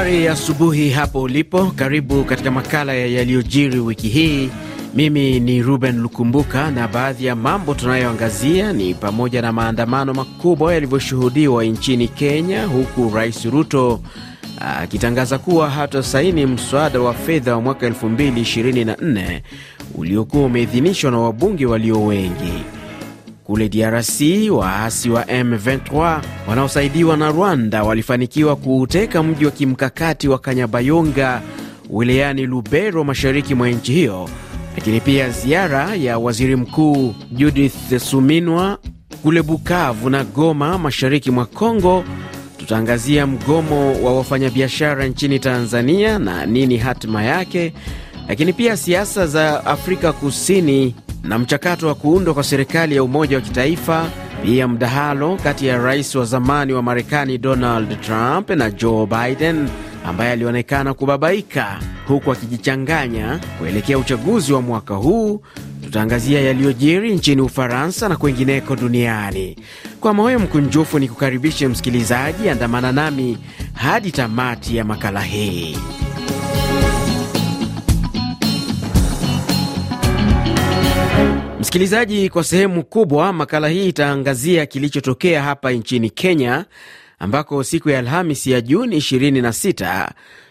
Habari ya asubuhi hapo ulipo, karibu katika makala ya yaliyojiri wiki hii. Mimi ni Ruben Lukumbuka, na baadhi ya mambo tunayoangazia ni pamoja na maandamano makubwa yalivyoshuhudiwa nchini Kenya, huku Rais Ruto akitangaza kuwa hata saini mswada wa fedha wa mwaka 2024 uliokuwa umeidhinishwa na wabunge walio wengi. Kule DRC waasi wa M23 wanaosaidiwa na Rwanda walifanikiwa kuuteka mji wa kimkakati wa Kanyabayonga wilayani Lubero, mashariki mwa nchi hiyo. Lakini pia ziara ya waziri mkuu Judith Suminwa kule Bukavu na Goma, mashariki mwa congo Tutaangazia mgomo wa wafanyabiashara nchini Tanzania na nini hatima yake, lakini pia siasa za Afrika Kusini na mchakato wa kuundwa kwa serikali ya umoja wa kitaifa, pia mdahalo kati ya rais wa zamani wa Marekani Donald Trump na Joe Biden ambaye alionekana kubabaika huku akijichanganya kuelekea uchaguzi wa mwaka huu. Tutaangazia yaliyojiri nchini Ufaransa na kwengineko duniani. Kwa moyo mkunjufu ni kukaribishe msikilizaji, andamana nami hadi tamati ya makala hii. Msikilizaji, kwa sehemu kubwa makala hii itaangazia kilichotokea hapa nchini Kenya, ambako siku ya Alhamisi ya Juni 26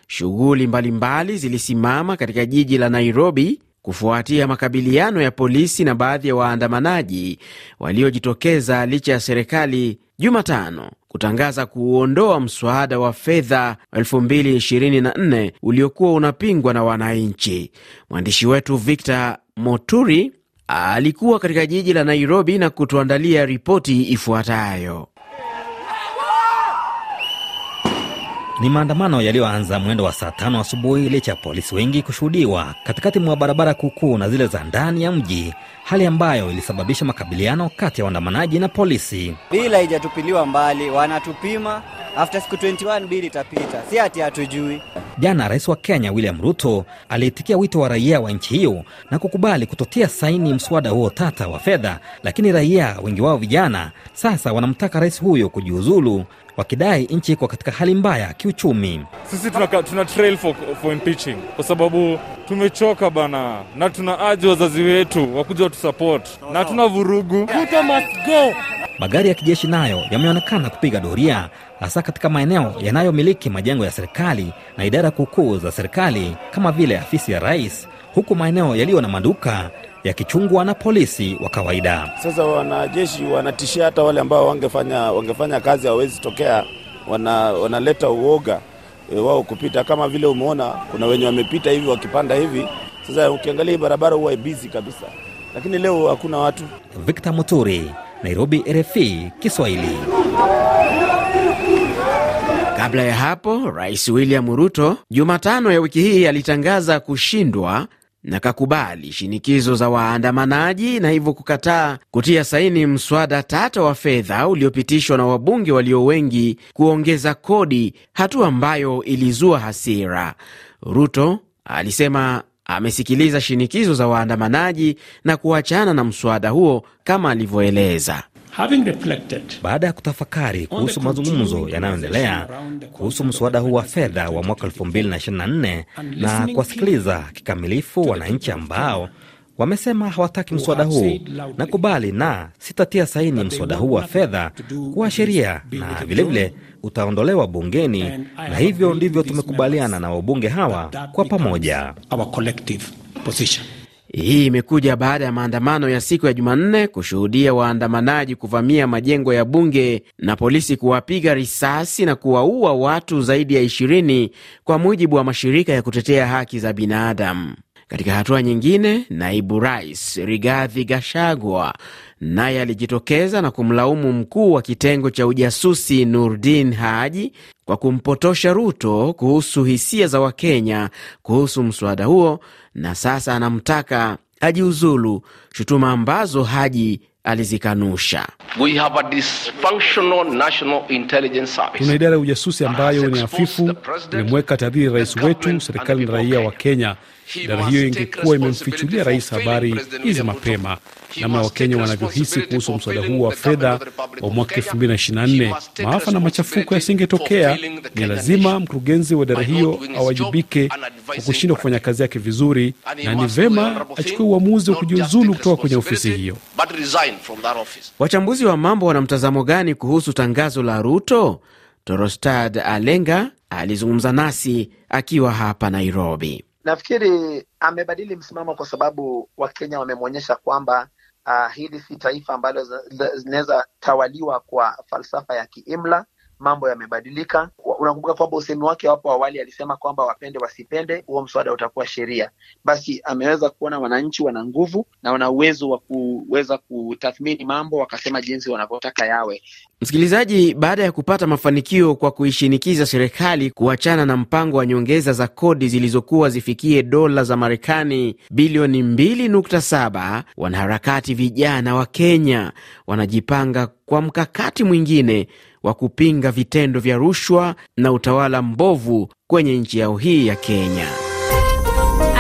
shughuli mbalimbali zilisimama katika jiji la Nairobi kufuatia makabiliano ya polisi na baadhi ya waandamanaji waliojitokeza licha ya serikali Jumatano kutangaza kuuondoa mswada wa fedha 2024 uliokuwa unapingwa na wananchi. Mwandishi wetu Victor Moturi alikuwa katika jiji la Nairobi na kutuandalia ripoti ifuatayo. Ni maandamano yaliyoanza mwendo wa saa tano asubuhi licha ya polisi wengi kushuhudiwa katikati mwa barabara kuu na zile za ndani ya mji hali ambayo ilisababisha makabiliano kati ya waandamanaji na polisi. bila haijatupiliwa mbali, wanatupima after siku 21 bili itapita, si ati hatujui. Jana rais wa Kenya William Ruto aliitikia wito wa raia wa nchi hiyo na kukubali kutotia saini mswada huo tata wa fedha, lakini raia wengi wao vijana sasa wanamtaka rais huyo kujiuzulu, wakidai nchi iko katika hali mbaya kiuchumi. Sisi tuna, tuna trail for, for impeaching kwa sababu tumechoka bana, na tuna aji wazazi wetu wakuja watu kutusupport na tuna vurugu. Ruto must go. Magari ya kijeshi nayo yameonekana kupiga doria hasa katika maeneo yanayomiliki majengo ya serikali na idara kuukuu za serikali kama vile afisi ya rais, huku maeneo yaliyo na maduka yakichungwa na polisi wa kawaida. Sasa wanajeshi wanatishia hata wale ambao wangefanya, wangefanya kazi hawawezi tokea, wana, wanaleta uoga e, wao kupita, kama vile umeona kuna wenye wamepita hivi wakipanda hivi. Sasa ukiangalia hii barabara huwa bizi kabisa lakini leo hakuna watu. Victor Muturi, Nairobi, RFI Kiswahili. Kabla ya hapo, Rais William Ruto Jumatano ya wiki hii alitangaza kushindwa na kakubali shinikizo za waandamanaji na hivyo kukataa kutia saini mswada tata wa fedha uliopitishwa na wabunge walio wengi kuongeza kodi, hatua ambayo ilizua hasira. Ruto alisema amesikiliza shinikizo za waandamanaji na kuachana na mswada huo kama alivyoeleza. Baada ya kutafakari kuhusu mazungumzo yanayoendelea kuhusu mswada huu wa fedha wa mwaka 2024 na kuwasikiliza kikamilifu wananchi ambao wamesema hawataki mswada huu, nakubali na sitatia saini mswada huu wa fedha kuwa sheria na vilevile vile, utaondolewa bungeni, na hivyo ndivyo tumekubaliana na wabunge hawa kwa pamoja. Hii imekuja baada ya maandamano ya siku ya Jumanne kushuhudia waandamanaji kuvamia majengo ya bunge na polisi kuwapiga risasi na kuwaua watu zaidi ya ishirini, kwa mujibu wa mashirika ya kutetea haki za binadamu. Katika hatua nyingine, naibu rais Rigathi Gachagua naye alijitokeza na kumlaumu mkuu wa kitengo cha ujasusi Nurdin Haji kwa kumpotosha Ruto kuhusu hisia za Wakenya kuhusu mswada huo, na sasa anamtaka ajiuzulu, shutuma ambazo Haji alizikanusha. Tuna idara ya ujasusi ambayo ni hafifu, imemweka tadhiri rais wetu, serikali na raia wa Kenya. Idara hiyo ingekuwa imemfichulia rais habari hizi mapema, namna Wakenya wanavyohisi kuhusu mswada huu wa fedha wa mwaka 224 maafa na machafuko yasingetokea. Ni lazima mkurugenzi wa idara hiyo awajibike kwa kushindwa kufanya kazi yake vizuri, na ni vema achukue uamuzi wa kujiuzulu kutoka kwenye ofisi hiyo. Wachambuzi wa mambo wana mtazamo gani kuhusu tangazo la Ruto? Torostad Alenga alizungumza nasi akiwa hapa Nairobi. Nafikiri amebadili msimamo kwa sababu Wakenya wamemwonyesha kwamba uh, hili si taifa ambalo zinaweza tawaliwa kwa falsafa ya kiimla mambo yamebadilika. Unakumbuka kwamba usemi wake wapo awali alisema kwamba wapende wasipende, huo mswada utakuwa sheria. Basi ameweza kuona wananchi wana nguvu na wana uwezo wa kuweza kutathmini mambo, wakasema jinsi wanavyotaka yawe. Msikilizaji, baada ya kupata mafanikio kwa kuishinikiza serikali kuachana na mpango wa nyongeza za kodi zilizokuwa zifikie dola za Marekani bilioni 2.7, wanaharakati vijana wa Kenya wanajipanga kwa mkakati mwingine wa kupinga vitendo vya rushwa na utawala mbovu kwenye nchi yao hii ya Kenya.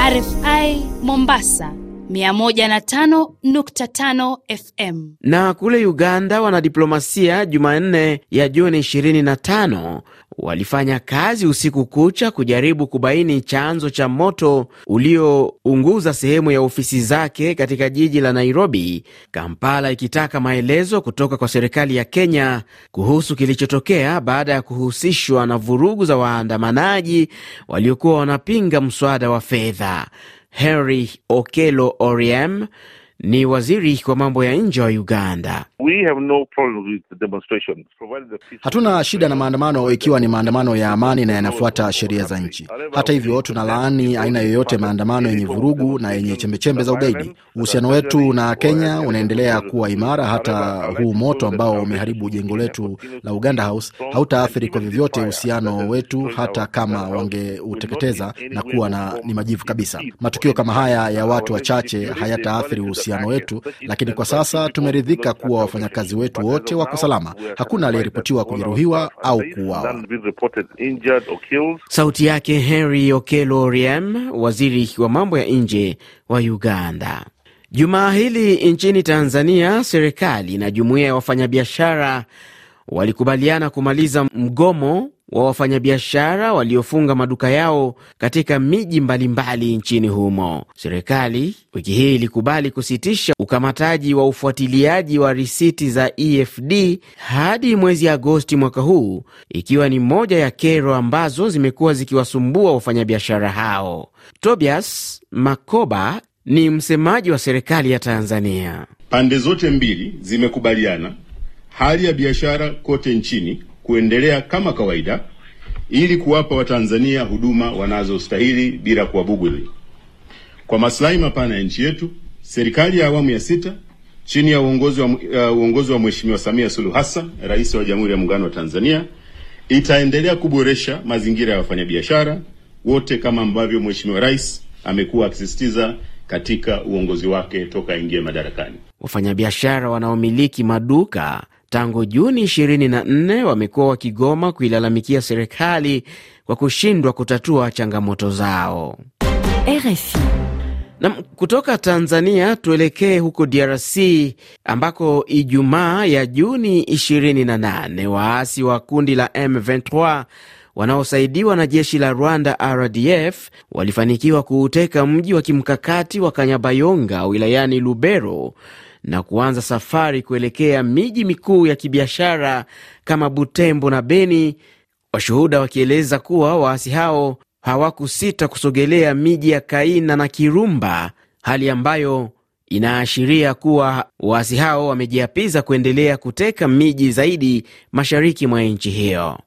RFI Mombasa 105.5 FM. Na kule Uganda wanadiplomasia Jumanne ya Juni 25 walifanya kazi usiku kucha kujaribu kubaini chanzo cha moto uliounguza sehemu ya ofisi zake katika jiji la Nairobi, Kampala ikitaka maelezo kutoka kwa serikali ya Kenya kuhusu kilichotokea baada ya kuhusishwa na vurugu za waandamanaji waliokuwa wanapinga mswada wa fedha. Henry okelo oriem ni waziri wa mambo ya nje wa Uganda. No hatuna shida na maandamano ikiwa ni maandamano ya amani na yanafuata sheria za nchi. Hata hivyo, tunalaani aina yoyote maandamano yenye vurugu na yenye chembechembe za ugaidi. Uhusiano wetu na Kenya unaendelea kuwa imara. Hata huu moto ambao umeharibu jengo letu la Uganda House hautaathiri kwa vyovyote uhusiano wetu, hata kama wangeuteketeza na kuwa na ni majivu kabisa. Matukio kama haya ya watu wachache hayataathiri uhusiano uhusiano wetu, lakini kwa sasa tumeridhika kuwa wafanyakazi wetu wote wako salama. Hakuna aliyeripotiwa kujeruhiwa au kuuawa. Sauti yake Henry Okello Oryem, waziri wa mambo ya nje wa Uganda. Jumaa hili nchini Tanzania, serikali na jumuiya ya wafanyabiashara walikubaliana kumaliza mgomo wa wafanyabiashara waliofunga maduka yao katika miji mbalimbali nchini humo. Serikali wiki hii ilikubali kusitisha ukamataji wa ufuatiliaji wa risiti za EFD hadi mwezi Agosti mwaka huu, ikiwa ni moja ya kero ambazo zimekuwa zikiwasumbua wafanyabiashara hao. Tobias Makoba ni msemaji wa serikali ya Tanzania. Pande zote mbili zimekubaliana hali ya biashara kote nchini kuendelea kama kawaida ili kuwapa Watanzania huduma wanazostahili bila kuwabughudhi. Kwa maslahi mapana ya nchi yetu, serikali ya awamu ya sita chini ya uongozi wa, uh, uongozi wa Mheshimiwa Samia Suluhu Hassan, Rais wa Jamhuri ya Muungano wa Tanzania, itaendelea kuboresha mazingira ya wafanyabiashara wote kama ambavyo Mheshimiwa Rais amekuwa akisisitiza katika uongozi wake toka aingie madarakani. Wafanyabiashara wanaomiliki maduka Tangu Juni 24 wamekuwa wakigoma kuilalamikia serikali kwa kushindwa kutatua changamoto zao. RFI. Na kutoka Tanzania tuelekee huko DRC ambako Ijumaa ya Juni 28 waasi wa kundi la M23 wanaosaidiwa na jeshi la Rwanda RDF walifanikiwa kuuteka mji wa kimkakati wa Kanyabayonga wilayani Lubero na kuanza safari kuelekea miji mikuu ya kibiashara kama Butembo na Beni, washuhuda wakieleza kuwa waasi hao hawakusita kusogelea miji ya Kaina na Kirumba, hali ambayo inaashiria kuwa waasi hao wamejiapiza kuendelea kuteka miji zaidi mashariki mwa nchi hiyo.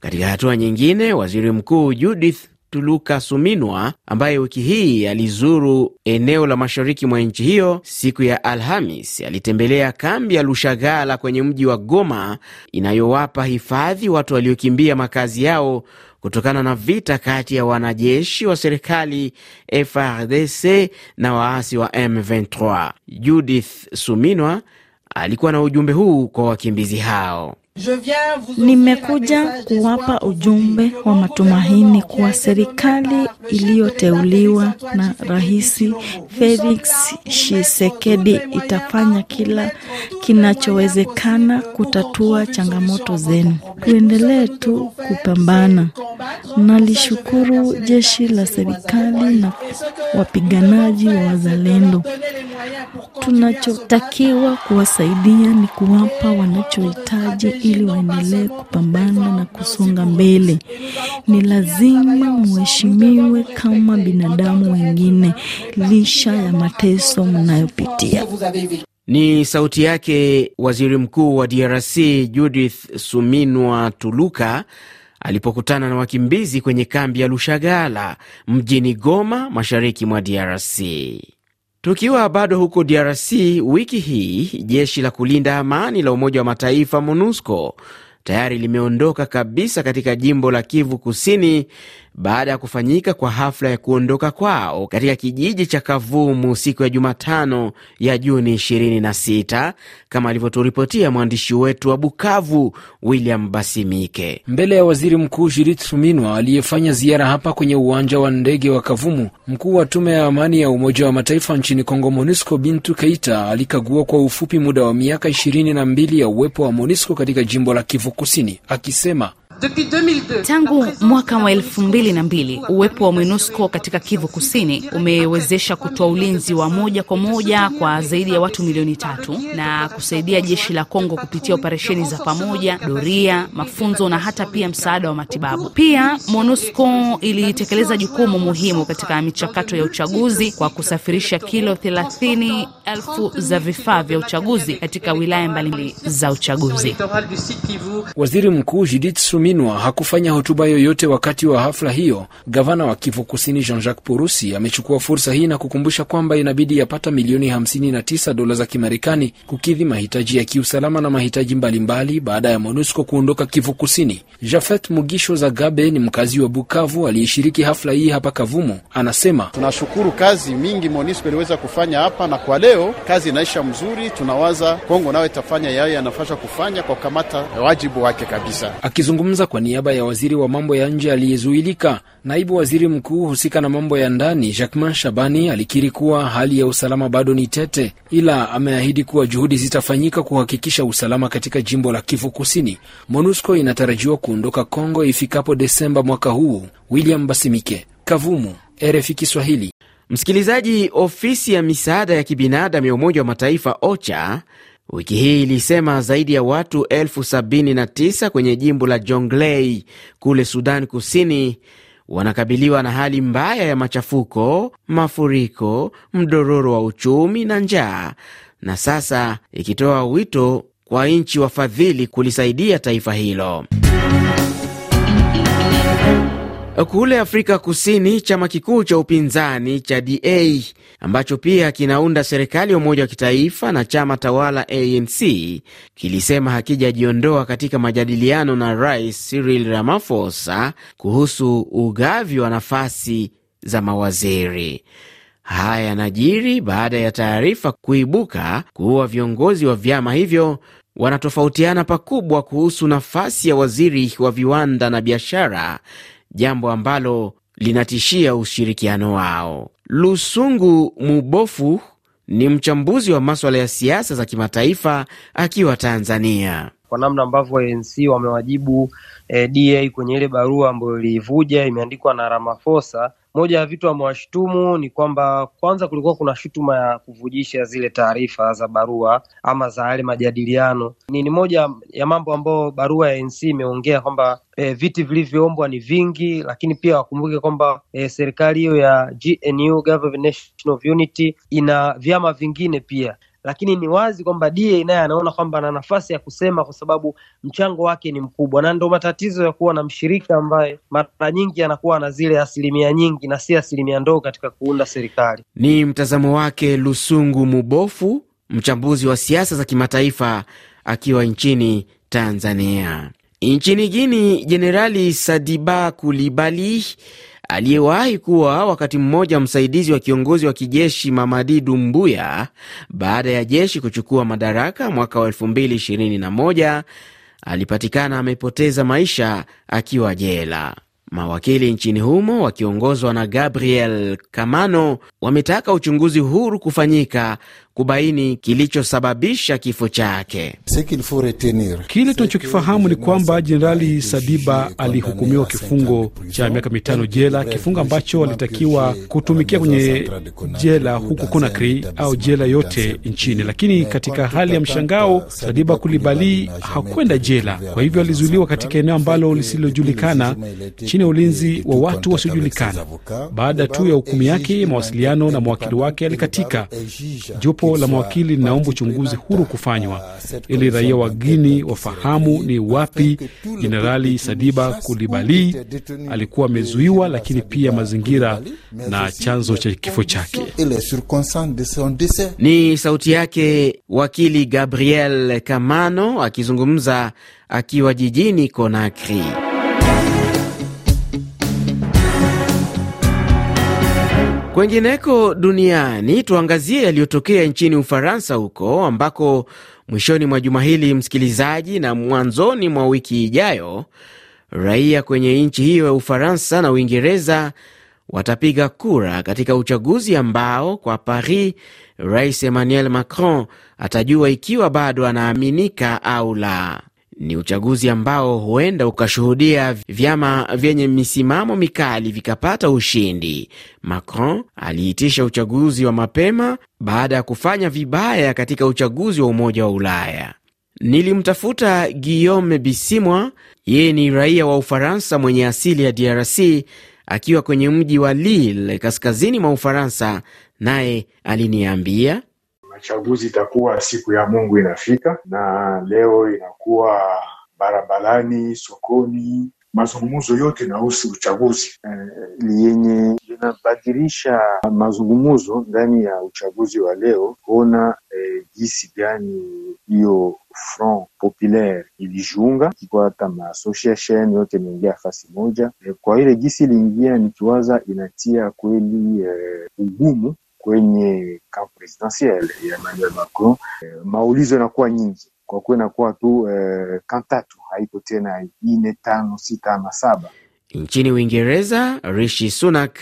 Katika hatua nyingine, waziri mkuu Judith Tuluka Suminwa ambaye wiki hii alizuru eneo la mashariki mwa nchi hiyo. Siku ya Alhamis alitembelea kambi ya Lushagala kwenye mji wa Goma inayowapa hifadhi watu waliokimbia makazi yao kutokana na vita kati ya wanajeshi wa serikali frdc na waasi wa M23. Judith Suminwa alikuwa na ujumbe huu kwa wakimbizi hao. Nimekuja kuwapa ujumbe wa matumaini kuwa serikali iliyoteuliwa na Rais Felix Tshisekedi itafanya kila kinachowezekana kutatua changamoto zenu. Tuendelee tu kupambana. Nalishukuru jeshi la serikali na wapiganaji wa wazalendo Tunachotakiwa kuwasaidia ni kuwapa wanachohitaji ili waendelee kupambana na kusonga mbele. Ni lazima mheshimiwe kama binadamu wengine lisha ya mateso mnayopitia. Ni sauti yake Waziri Mkuu wa DRC Judith Suminwa Tuluka alipokutana na wakimbizi kwenye kambi ya Lushagala mjini Goma, mashariki mwa DRC. Tukiwa bado huko DRC, wiki hii jeshi la kulinda amani la Umoja wa Mataifa MONUSCO tayari limeondoka kabisa katika jimbo la Kivu Kusini baada ya kufanyika kwa hafla ya kuondoka kwao katika kijiji cha Kavumu siku ya Jumatano ya Juni 26 kama alivyoturipotia mwandishi wetu wa Bukavu William Basimike. Mbele ya waziri mkuu Judith Suminwa aliyefanya ziara hapa kwenye uwanja wa ndege wa Kavumu, mkuu wa tume ya amani ya Umoja wa Mataifa nchini Kongo MONUSCO Bintu Keita alikagua kwa ufupi muda wa miaka 22 mbili ya uwepo wa MONUSCO katika jimbo la Kivu Kusini akisema Tangu mwaka wa elfu mbili na mbili uwepo wa MONUSCO katika Kivu Kusini umewezesha kutoa ulinzi wa moja kwa moja kwa zaidi ya watu milioni tatu na kusaidia jeshi la Kongo kupitia operesheni za pamoja, doria, mafunzo na hata pia msaada wa matibabu. Pia MONUSCO ilitekeleza jukumu muhimu katika michakato ya uchaguzi kwa kusafirisha kilo thelathini elfu za vifaa vya uchaguzi katika wilaya mbalimbali za uchaguzi. Waziri Mkuu Judith Sumi Minwa hakufanya hotuba yoyote wakati wa hafla hiyo. Gavana wa Kivu Kusini Jean Jacques Purusi amechukua fursa hii na kukumbusha kwamba inabidi yapata milioni 59 dola za Kimarekani kukidhi mahitaji ya kiusalama na mahitaji mbalimbali baada ya MONUSCO kuondoka Kivu Kusini. Jafet Mugisho Zagabe ni mkazi wa Bukavu aliyeshiriki hafla hii hapa Kavumu, anasema tunashukuru kazi mingi MONUSCO iliweza kufanya hapa, na kwa leo kazi inaisha mzuri. Tunawaza Kongo nayo itafanya yayo yanafasha kufanya kwa kukamata wajibu wake kabisa. Akizungumza kwanza kwa niaba ya waziri wa mambo ya nje aliyezuilika, naibu waziri mkuu husika na mambo ya ndani Jacquemain Shabani alikiri kuwa hali ya usalama bado ni tete, ila ameahidi kuwa juhudi zitafanyika kuhakikisha usalama katika jimbo la Kivu Kusini. MONUSCO inatarajiwa kuondoka Kongo ifikapo Desemba mwaka huu. William Basimike, Kavumu, RFI Kiswahili. Msikilizaji, ofisi ya misaada ya kibinadamu ya Umoja wa Mataifa OCHA wiki hii ilisema zaidi ya watu 79 kwenye jimbo la Jonglei kule Sudan Kusini wanakabiliwa na hali mbaya ya machafuko, mafuriko, mdororo wa uchumi na njaa, na sasa ikitoa wito kwa nchi wafadhili kulisaidia taifa hilo. Kule Afrika Kusini, chama kikuu cha upinzani cha DA ambacho pia kinaunda serikali ya umoja wa kitaifa na chama tawala ANC kilisema hakijajiondoa katika majadiliano na Rais Cyril Ramaphosa kuhusu ugavi wa nafasi za mawaziri. Haya yanajiri baada ya taarifa kuibuka kuwa viongozi wa vyama hivyo wanatofautiana pakubwa kuhusu nafasi ya waziri wa viwanda na biashara jambo ambalo linatishia ushirikiano wao. Lusungu Mubofu ni mchambuzi wa maswala ya siasa za kimataifa akiwa Tanzania kwa namna ambavyo ANC wamewajibu eh, DA kwenye ile barua ambayo iliivuja imeandikwa na Ramaphosa. Moja ya vitu amewashtumu ni kwamba kwanza kulikuwa kuna shutuma ya kuvujisha zile taarifa za barua ama za yale majadiliano. Ni, ni moja ya mambo ambayo barua ya ANC imeongea kwamba e, viti vilivyoombwa ni vingi, lakini pia wakumbuke kwamba e, serikali hiyo ya GNU Government National Unity ina vyama vingine pia, lakini ni wazi kwamba DA naye anaona kwamba ana nafasi ya kusema kwa sababu mchango wake ni mkubwa, na ndo matatizo ya kuwa na mshirika ambaye mara nyingi anakuwa na zile asilimia nyingi na si asilimia ndogo katika kuunda serikali. Ni mtazamo wake Lusungu Mubofu, mchambuzi wa siasa za kimataifa akiwa nchini Tanzania. Nchini Guini, Jenerali Sadiba Kulibali aliyewahi kuwa wakati mmoja msaidizi wa kiongozi wa kijeshi Mamadi Dumbuya baada ya jeshi kuchukua madaraka mwaka wa 2021 alipatikana amepoteza maisha akiwa jela. Mawakili nchini humo wakiongozwa na Gabriel Kamano wametaka uchunguzi huru kufanyika kubaini kilichosababisha kifo chake. Kile tunachokifahamu ni kwamba Jenerali Sadiba alihukumiwa kifungo cha miaka mitano jela, kifungo ambacho alitakiwa kutumikia kwenye jela huko Conakry au jela yote nchini, lakini katika hali ya mshangao, Sadiba Kulibali hakwenda jela. Kwa hivyo alizuiliwa katika eneo ambalo lisilojulikana chini ya ulinzi wa watu wasiojulikana. Baada tu ya hukumu yake, mawasiliano na mawakili wake alikatika. Jopo la mawakili linaomba uchunguzi huru kufanywa ili raia wa Guini wafahamu ni wapi Jenerali Sadiba Kulibali alikuwa amezuiwa, lakini pia mazingira na chanzo cha kifo chake. Ni sauti yake wakili Gabriel Kamano akizungumza akiwa jijini Conakry. Kwengineko duniani tuangazie yaliyotokea nchini Ufaransa, huko ambako mwishoni mwa juma hili, msikilizaji, na mwanzoni mwa wiki ijayo, raia kwenye nchi hiyo ya Ufaransa na Uingereza watapiga kura katika uchaguzi ambao kwa Paris, Rais Emmanuel Macron atajua ikiwa bado anaaminika au la ni uchaguzi ambao huenda ukashuhudia vyama vyenye misimamo mikali vikapata ushindi. Macron aliitisha uchaguzi wa mapema baada ya kufanya vibaya katika uchaguzi wa Umoja wa Ulaya. Nilimtafuta Guillaume Bisimwa, yeye ni raia wa Ufaransa mwenye asili ya DRC akiwa kwenye mji wa Lille kaskazini mwa Ufaransa, naye aliniambia Chaguzi itakuwa siku ya Mungu inafika, na leo inakuwa barabarani, sokoni, mazungumzo yote inahusu uchaguzi eh, ni eh, yenye inabadilisha mazungumzo ndani ya uchaguzi wa leo, kuona eh, jinsi gani hiyo Front Populaire ilijiunga ikiwa hata maasociation yote imeingia fasi moja eh, kwa ile gisi iliingia, nikiwaza inatia kweli e, ugumu kwenye camp presidentiel ya Emmanuel Macron, eh, maulizo yanakuwa nyingi kwa kuwa inakuwa tu eh, tatu haipo tena ine tano sita na saba. Nchini Uingereza, Rishi Sunak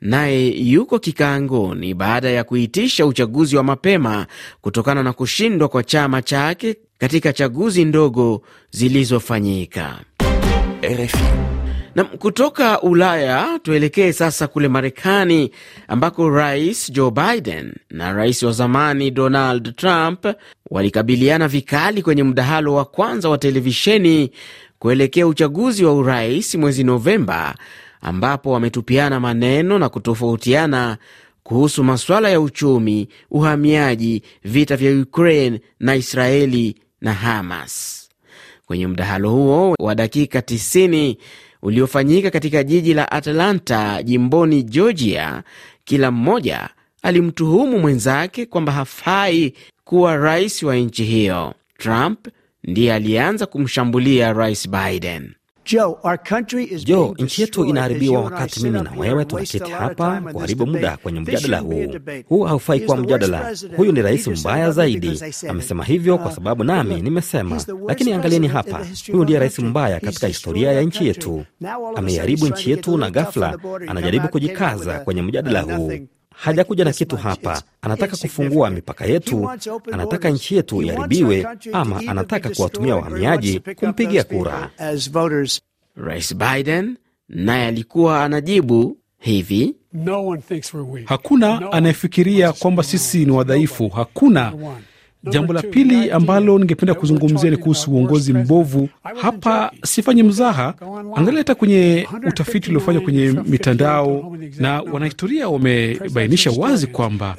naye yuko kikaangoni baada ya kuitisha uchaguzi wa mapema kutokana na kushindwa kwa chama chake katika chaguzi ndogo zilizofanyika. RFI. Na kutoka Ulaya tuelekee sasa kule Marekani ambako Rais Joe Biden na rais wa zamani Donald Trump walikabiliana vikali kwenye mdahalo wa kwanza wa televisheni kuelekea uchaguzi wa urais mwezi Novemba, ambapo wametupiana maneno na kutofautiana kuhusu masuala ya uchumi, uhamiaji, vita vya Ukraine na Israeli na Hamas. Kwenye mdahalo huo wa dakika 90 uliofanyika katika jiji la Atlanta jimboni Georgia, kila mmoja alimtuhumu mwenzake kwamba hafai kuwa rais wa nchi hiyo. Trump ndiye alianza kumshambulia Rais Biden jo nchi yetu inaharibiwa wakati mimi na wewe tunaketi hapa kuharibu muda kwenye mjadala huu. Huu haufai kuwa mjadala. Huyu ni rais mbaya zaidi. Amesema hivyo kwa uh, sababu nami nimesema, lakini angalieni hapa, huyu ndiye rais mbaya katika historia ya nchi yetu. Ameiharibu nchi yetu, na ghafla anajaribu kujikaza kwenye mjadala huu hajakuja na kitu hapa, anataka kufungua mipaka yetu, anataka nchi yetu iharibiwe, ama anataka kuwatumia wahamiaji kumpigia kura. Rais Biden naye alikuwa anajibu hivi: hakuna anayefikiria kwamba sisi ni wadhaifu, hakuna Jambo la pili ambalo ningependa kuzungumzia ni kuhusu uongozi mbovu. Hapa sifanyi mzaha, angalia hata kwenye utafiti uliofanywa kwenye mitandao, na wanahistoria wamebainisha wazi kwamba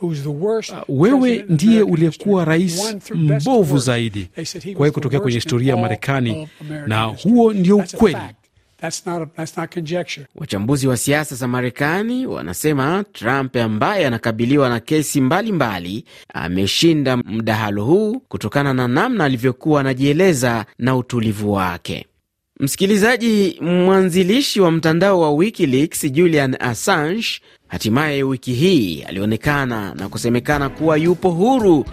uh, wewe ndiye uliyekuwa rais mbovu zaidi kuwahi kutokea kwenye historia ya Marekani, na huo ndio ukweli. That's not a, that's not conjecture. Wachambuzi wa siasa za Marekani wanasema Trump ambaye anakabiliwa na kesi mbalimbali ameshinda mdahalo huu kutokana na namna alivyokuwa anajieleza na utulivu wake. Msikilizaji, mwanzilishi wa mtandao wa WikiLeaks Julian Assange hatimaye wiki hii alionekana na kusemekana kuwa yupo huru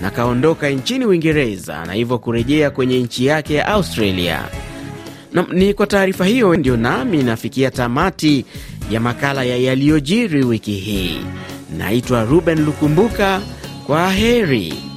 na kaondoka nchini Uingereza na hivyo kurejea kwenye nchi yake ya Australia. Na, ni kwa taarifa hiyo ndio nami nafikia tamati ya makala ya yaliyojiri wiki hii. Naitwa Ruben Lukumbuka, kwa heri.